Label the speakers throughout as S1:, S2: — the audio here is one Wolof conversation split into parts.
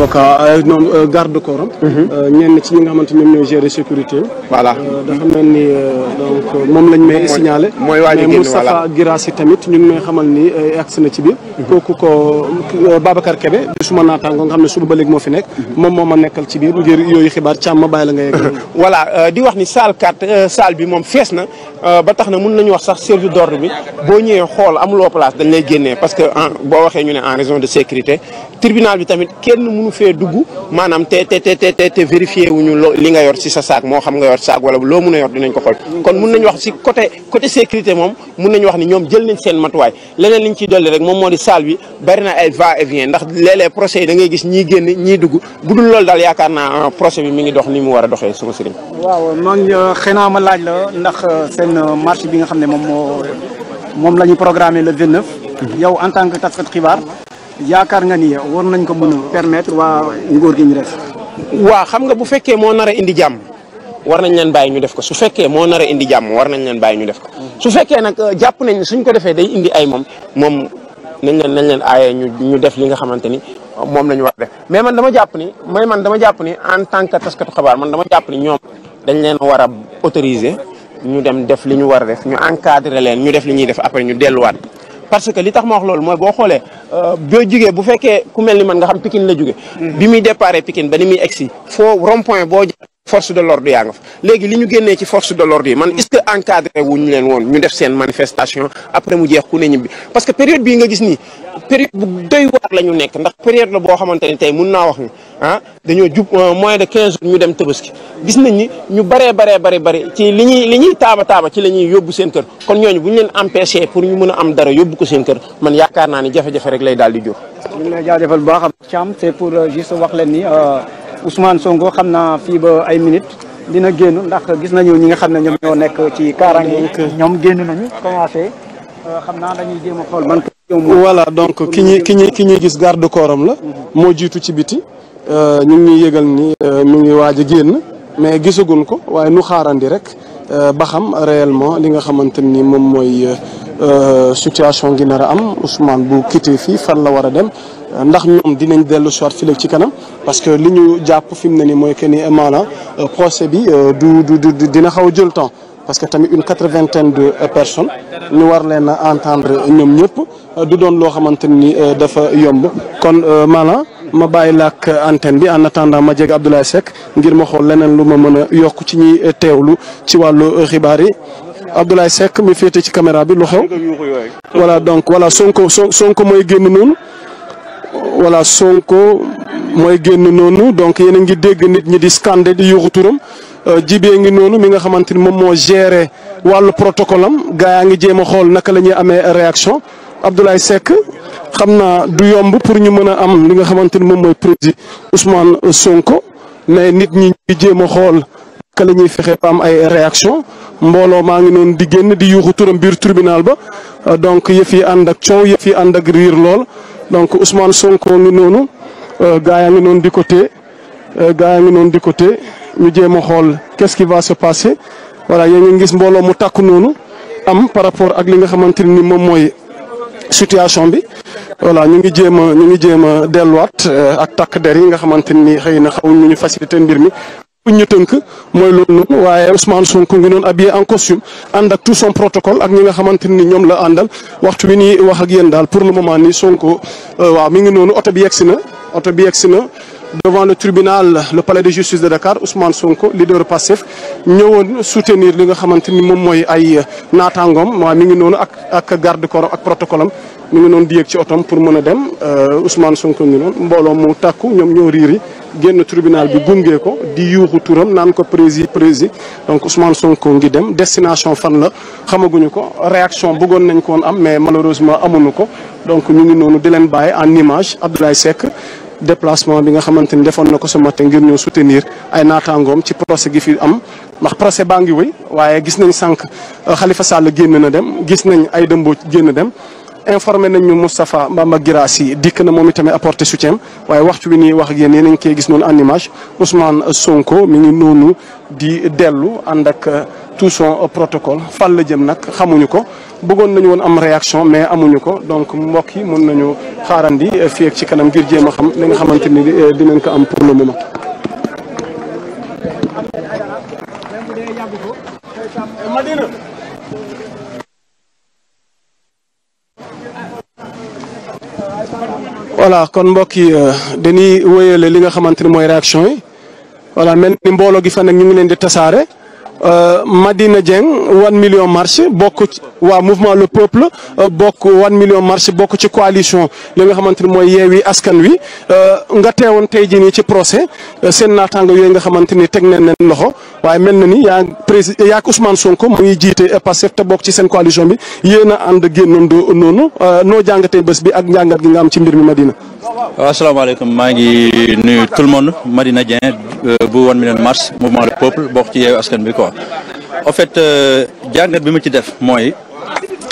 S1: avocat ñoom euh, euh, garde corps am. Mhm. Euh, ñenn ci ñi nga xamante ñoom ñooy gérer sécurité am. voilà dafa mel ni moom lañ may signalé. mooy waa mais Moustapha Girassi tamit ñu ngi may xamal ni agsi na ci biir. Mhm. kooku ko Babacar Kebe su ma naataango nga xam ne suba ba léegi moo fi nekk. Mhm. moom moo ma nekkal ci biir ngir yooyu xibaar càmm bàyyi la nga yegg.
S2: voilà di wax ni saal carte salle bi moom fees na ba tax na mun nañu wax sax service d'ordre bi boo ñëwee xool amuloo place dañ lay génnee parce que boo waxee ñu ne en raison de sécurité mënu fee dugg maanaam te te te te te vérifié li nga yor si sa saak moo xam nga yor saak wala loo mun a yor dinañ ko xool kon mun nañu wax si côté côté moom mun nañu wax ni ñoom jël nañ seen matuwaay leneen liñ ciy dolli rek moom moo di salle bi bari na ay va et vient ndax léeg-léeg procès yi da ngay gis ñii génn ñii dugg bu dul loolu daal yaakaar naa euh, procès bi mi ngi dox ni mu war a doxee sama sëriñ.
S1: waaw man euh, xëynaa ma laaj la ndax euh, seen marche bi nga xam ne moom moo moom la ñu programmé le 29. Mhm. yow en tant
S2: yaakaar nga ni war nañ ko mën a permettre waa nguur gi ñu def. waa xam nga bu fekkee moo nar indi jàmm war nañ leen bàyyi ñu def ko su fekkee moo nar indi jàmm war nañ leen bàyyi ñu def ko. su fekkee nag euh, jàpp nañ ne suñ ko defee day indi ay moom moom nañ leen nañ leen aaye ñu ñu def li nga xamante ni euh, moom la ñu war a def mais man dama jàpp ni mooy man dama jàpp ni en tant que taskatu xabaar man dama jàpp ni ñoom dañ leen war a ñu dem def li ñu war a def ñu encadrer leen ñu def li ñuy def après ñu delluwaat. parce que li tax ma wax loolu mooy boo xoolee euh, boo jugee bu fekkee ku mel ni man nga xam Pikine la jóge mm-hmm. bi muy déparé pikin ba ni muy egsi foo rond point boo force de l'ordre yaa nga fa léegi li ñu génnee ci force de l'ordre yi man est-ce que encadré wuñu leen woon ñu def seen manifestation après mu jeex ku ne ñibbi parce que période bii nga gis nii période bu doy waar la ñu nekk ndax période la boo xamante ni tey mun naa wax ni ah dañoo jub euh, mois de quinze jours ñu dem Tabaski gis nañ ni ñu baree baree bari bari ci li ñuy li ñuy taaba taaba ci la ñuy yóbbu seen kër kon ñooñu bu ñu leen empêché pour ñu mën a am dara yóbbu ko seen kër man yaakaar naa ni jafe-jafe rek lay daal di jur.
S1: ñu ngi lay jaajëfal bu baax Thiam c'est pour euh, juste wax leen ni euh, Ousmane Sonko xam naa fii ba ay minutes dina génn ndax gis nañu ñi nga xam ne ñoom ñoo nekk ci kaaraange ñoom génn nañu commencé xam naa dañuy jéem a xool ban. donc ki ñu ki ñuy ki ñuy gis garde corps am la mhm. moo jiitu ci biti Euh, ñu ngi yëgal ni euh, mi ngi waaj a génn mais gisaguñ ko waaye nu xaarandi rek euh, ba xam réellement li nga xamante ni moom mooy situation gi nar am Ousmane bu quitté fii fan la war a dem ndax ñoom dinañ dellu soit fii ci kanam parce que li ñu jàpp fi mu ne nii mooy que ni maanaam procès bi du du du dina xaw a jël temps. parce que tamit une quatre-vingtaine de personnes ñu war leen a entendre ñoom ñëpp du doon loo xamante ni dafa yomb kon maanaam. ma bàyyi làkk antenne bi en attendant ma jeg Abdoulaye Seck ngir ma xool leneen lu ma mën a yokk ci ñuy teewlu ci wàllu xibaar yi Abdoulaye Seck mi féete ci caméra bi lu xew. voilà donc wala Sonko Sonko mooy génn noonu. Sonko mooy génn noonu donc yéen a ngi dégg nit ñi di scander di yuuxu turam euh, jibee ngi noonu mi nga xamante ni moom moo géré wàllu protocole am gaa yaa ngi jéem a xool naka la ñuy amee réaction Abdoulaye Seck. xam naa du yomb pour ñu mën a am li nga xamante ni moom mooy président Ousmane Sonko mais nit ñi jéem a xool ka la ñuy fexe ba am ay réaction mbooloo maa ngi noonu di génn di yuuxu turam biir tribunal ba donc yëf yi ànd ak coow yëf ànd ak lool donc Ousmane Sonko ngi noonu euh, gaa yaa ngi noonu di ko téye euh, ngi noonu di ko ñu jéem a xool qu'est-ce qui va se passer voilà yéen ngeen mbooloo mu tàkk noonu am par rapport ak li nga xamante ni moom mooy situation bi. voilà ñu ngi jéem a ñu ngi jéem a delluwaat euh, ak takk der yi nga xamante ni xëy na xaw ñu ñu facilité mbir mi. bu ñu tënk mooy loolu noonu waaye Ousmane Sonko ngi noonu habillé en costume ànd ak tout son protocole ak ñi nga xamante ni ñoom la àndal waxtu wi ni wax ak yéen daal pour le moment nii Sonko euh, waaw mi ngi noonu oto bi yegsi na oto bi yegsi na. devant le tribunal le palais de justice de Dakar Ousmane Sonko leader Pastef ñëwoon soutenir li nga xamante ni moom mooy ay euh, naataangoom waaye mi ngi noonu ak ak garde corps ak protocole am mi ngi noonu di yéeg ci otom pour mën a dem euh, Ousmane Sonko ngi noonu mbooloo mu tàkku ñoom ñoo riiri génn tribunal bi gunge ko di yuuxu turam naan ko prési prési donc Ousmane Sonko ngi dem destination fan la xamaguñu ko réaction bëggoon nañ ko woon am mais malheureusement amuñu ko donc ñu ngi noonu di leen bàyyi en image Abdoulaye Seck. déplacement bi nga xamante ni defoon na ko ce matin ngir ñëw soutenir ay naataangoom ci procès gi fi am ndax procès baa ngi wéy waaye gis nañ sànq xalifa euh, Sall génn na dem gis nañ ay dëmboo génn dem informé nañ ñu Moustapha Mbamba Guirassy dikk na moom itamit apporté soutien waaye waxtu wi nii wax ak yéen yéen ngi koy gis noonu animage image Ousmane Sonko mi ngi noonu di dellu ànd ak. Euh, tous sont au protocole fan la jëm nag xamuñu ko bëggoon nañu woon am réaction mais amuñu ko donc mbokk yi mën nañu xaarandi eh, fii ci kanam ngir jéem a xam li nga xamante ni eh, dinañ ko am pour le moment. voilà kon mbokk yi euh, dañuy wéyale li nga xamante ni mooy réaction yi voilà mel ni mbooloo gi fan nag ñu ngi leen di tasaare. Euh, Madina Dieng one million marché bokk ci waa mouvement le peuple euh, bokk one million marché bokk ci coalition li nga xamante ni mooy yeewi askan wi euh, nga teewoon tey jii nii ci procès seen naataango yooyu nga xamante ni teg nañ leen loxo waaye mel na ni yaa président yaa Ousmane Sonko mu ngi jiite Pastef te bokk ci seen coalition bi yéen a ànd génnoon noonu noo jàngatee bés bi ak njàngat gi nga am ci mbir mi Madina.
S3: waaw asalaamaaleykum maa ngi nuyu tout le monde Madina Dieng euh, bu One Million March mouvement le peuple bokk ci yeewu askan bi quoi en fait euh, jàngat bi ma ci def mooy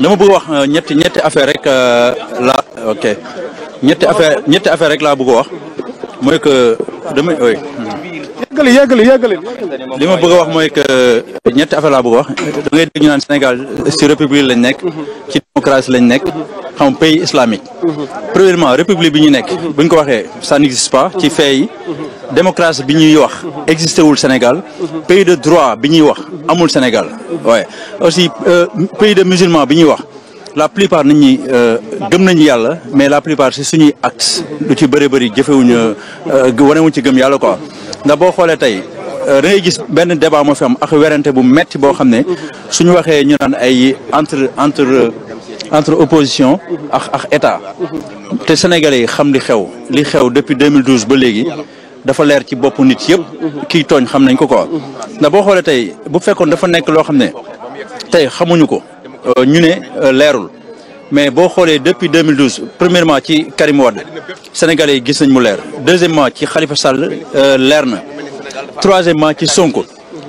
S3: dama bëgg wax euh, ñetti ñetti affaire rek laa ok ñetti affaire ñetti affaire rek laa bugg wax mooy que dama oui. yeggali yeggali yeggali li ma bëgg a wax mooy que ñetti affaire laa bëgg a wax da ngay dégg ñu naan Sénégal ci république lañ nekk ci démocratie lañ nekk xam pays islamique premièrement république bi ñuy nekk buñ ko waxee ça n'existe pas ci fait yi bi ñuy wax existé wul Sénégal pays de droit bi ñuy wax amul Sénégal waaye aussi euh, pays de musulman bi ñuy wax la plupart nit ñi euh, gëm nañu yàlla mais la plupart si suñuy actes lu ci bëri bëri jëfewuñu euh, wanewuñ ci gëm yàlla quoi ndax boo xoolee tey euh, dangay gis benn débat moo fi am ak werante bu metti boo xam ne suñu waxee ñu naan ay entre entre entre opposition ak ak état te sénégalais yi xam li xew li xew depuis 2012 ba léegi dafa leer ci bopp nit yëpp kii tooñ xam nañ ko quoi ndax boo xoolee tey bu fekkoon dafa nekk loo xam ne tey xamuñu ko euh, ñu ne euh, leerul mais boo xoolee depuis 2012 premièrement ci Karim Wade sénégalais yi gis nañ mu leer deuxièmement ci xalifa Sall euh, leer na troisièmement ci Sonko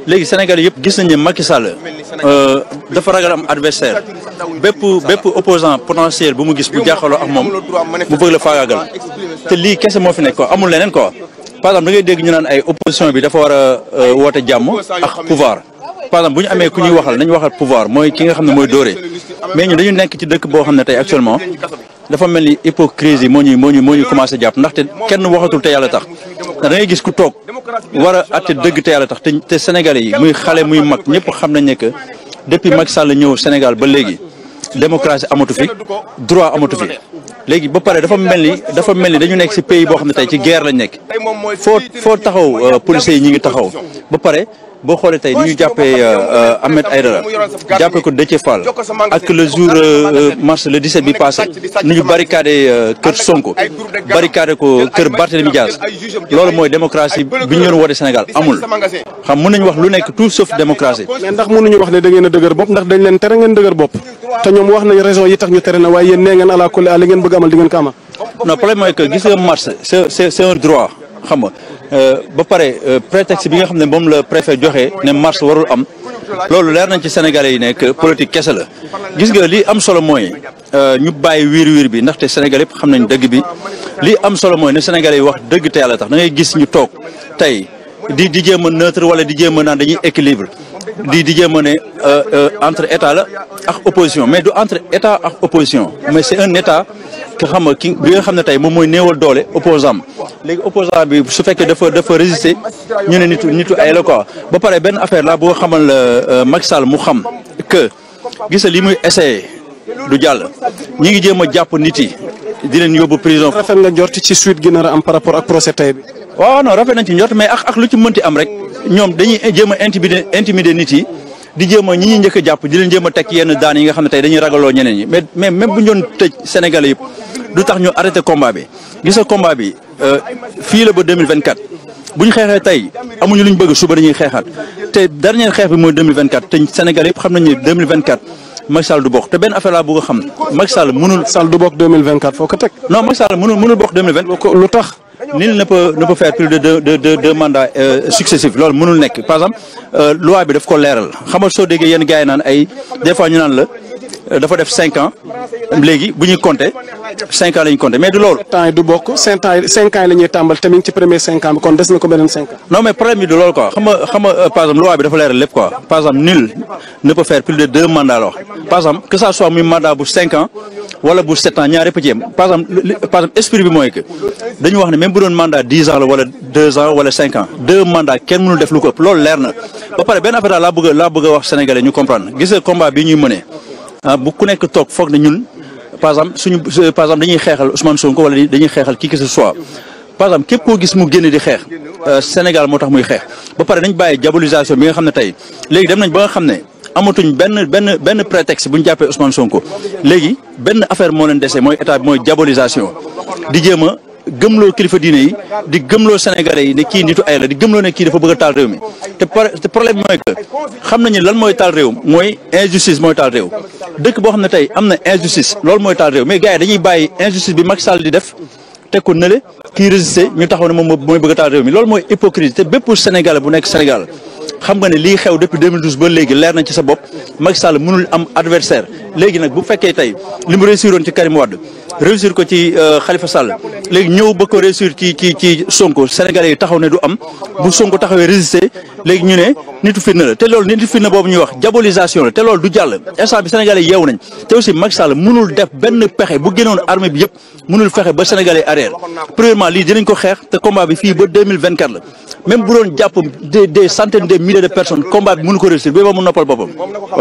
S3: léegi sénégalais yëpp gis nañ ne Macky Sall euh, dafa ragal am adversaire bépp bépp opposant potentiel bu mu gis bu jàkkaarloo ak moom mu bëgg la faagaagal te lii kese moo fi nekk quoi amul leneen ko par exemple da ngay dégg ñu naan ay opposition bi dafa war a euh, woote jàmm ak pouvoir. par exemple bu ñu amee ku ñuy waxal nañu waxal pouvoir mooy ki nga xam ne mooy dóore mais ñun dañu nekk ci dëkk boo xam ne tey actuellement dafa mel ni hypocrisie moo ñuy moo ñuy moo ñuy commencé jàpp ndaxte kenn waxatul te yàlla tax da ngay gis ku toog war a atte dëgg te tax te te Sénégalais yi muy xale muy mag ñëpp xam nañ ne que depuis mag Sall ñëw Sénégal ba léegi démocratie amatu fi droit amatu fi léegi ba pare dafa mel ni dafa mel ni dañu nekk ci pays boo xam ne tey ci guerre lañ nekk foo foo taxaw euh, policiers yi ñu ngi taxaw ba pare boo xoolee tey ni ñu jàppee euh, euh, Ahmed Aïdara jàppee ko Déthié Fall ak le jour euh, mars le 17 bi passé nu ñu barricadé kër Sonko barricadé ko kër Barthélemy Diaz loolu mooy démocratie bi ñu doon woote Sénégal amul xam mën nañu wax lu nekk tout sauf démocratie.
S1: mais ndax mënuñu wax ne da ngeen a dëgër bopp ndax dañ leen tere ngeen dëgër bopp te ñoom wax nañ raison yi tax ñu tere na waaye yéen nee ngeen ala kulli li ngeen bëgg amal di ngeen ko amal.
S3: non problème mooy que gis xam nga. Euh, ba pare euh, prétexte bi nga xam ne moom la préfet joxe ne mars warul am loolu leer nañ ci sénégalais yi nekk politique kese la gis nga li am solo mooy euh, ñu bàyyi wiir wiir bi ndaxte sénégal yëpp xam nañ dëgg bi li am solo mooy ne sénégalais yi wax dëgg te yàlla tax da ngay gis ñu toog tey di di jéem a neutre wala di jéem a naan dañuy équilibre. lii di jéem a ne euh, euh, entre état la ak opposition mais du entre état ak opposition mais c'est un état ki xam ki bi nga xam ne tey moom mooy néewal doole opposant léegi opposant bi su fekkee dafa dafa résister ñu ne nitu nitu ay la quoi ba pare benn affaire la boo xamal euh, Macky Sall mu xam que gisa li muy essayé du jàll ñi ngi jéem a jàpp nit yi di leen yóbbu prison. rafet nga njort ci suite gi nar a am par rapport ak procès tey bi. waaw nañ ci njort mais ak lu ci mënti am rek. ñoom dañuy jéem a intimider intimider nit yi di jéem a ñi ñu njëkk jàpp di leen jéem a yenn daan yi nga xam ne tey dañuy ragaloo ñeneen ñi mais mais même bu ñu doon tëj Sénégalais yëpp du bi gis nga bi euh, fii la ba bu ñu xeexee tey amuñu lu bëgg suba dañuy xeexaat te dernier xeex bi mooy 2024 te Sénégal yëpp xam nañu ne 2024 Macky Sall du bokk te benn affaire laa bëgg a xam Macky Sall mënul. Sall du bokk 2024 foo ko teg. non Macky lu tax. nul ne peut ne peut faire plus de deux de de deux mandats euh, successifs mënul nekk par exemple euh, loi bi daf ko leeral xam nga soo déggee yenn gars yi naan ay des fois ñu naan la euh, dafa def cinq ans léegi bu ñuy compter cinq ans la ñu compté mais du loolu. sept ans yi du
S1: bokk cinq ans yi cinq tàmbal tamit ci premier cinq ans bi kon des na ko beneen cinq
S3: mais problème bi du loolu quoi xam nga euh, par exemple loi bi dafa leeral lépp quoi la wax ne même bu doon mandat dix ans la wala deux ans def lu ko ëpp loolu na ba pare laa bëgg laa bëgg a wax sénégalais ñu comprendre gis nga bi ñuy mënee ah, bu ku nekk toog foog ne ñun. par exemple suñu euh, par exemple dañuy xeexal Ousmane Sonko wala dañuy xeexal qui que ce soit par exemple képp koo gis mu génn di xeex euh, Sénégal moo tax muy xeex ba pare nañ bàyyi diabolisation bi nga xam ne tey léegi dem nañ ba nga xam ne amatuñ benn benn benn prétexte bu jàppee Ousmane Sonko léegi benn affaire moo leen dese mooy état bi mooy diabolisation di jéem gëmloo kilifa diine yi di gëmloo sénégalais yi ne kii nitu ay la di gëmloo ne kii dafa bëgg a taal réew mi te problème bi mooy que xam nañu lan mooy taal réew mooy injustice mooy taal réew dëkk boo xam ne tey am na injustice loolu mooy taal réew mais gars dañuy bàyyi injustice bi mag Sall di def teg ko nële kii résister ñu taxaw ne moom mooy bëgg a taal réew mi loolu mooy hypocrisie te bépp Sénégalais bu nekk Sénégal xam nga ne lii xew depuis 2012 ba léegi leer na ci sa bopp Macky Sall mënul am adversaire léegi nag bu fekkee tey li mu réussir woon ci Karim Wade réussir ko ci euh, Khalifa Sall léegi ñëw ba ko réussir ci ci ci Sonko Sénégalais yi taxaw ne du am bu Sonko taxawee résister. léegi ñu ne nitu fitna la te loolu nitu fitna boobu ñuy wax diabolisation la te loolu du jàll instant bi sénégalais yeewu nañ te aussi Macky Sall mënul def benn pexe bu génnoon armée bi yëpp mënul fexe ba sénégalais arrière premièrement lii dinañ ko xeex te combat bi fii ba la même bu doon jàpp des des de milliers de personnes combat bi mënu ko réussir ba mu noppal boppam.